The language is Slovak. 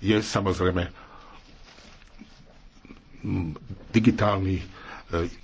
je samozrejme digitálny e,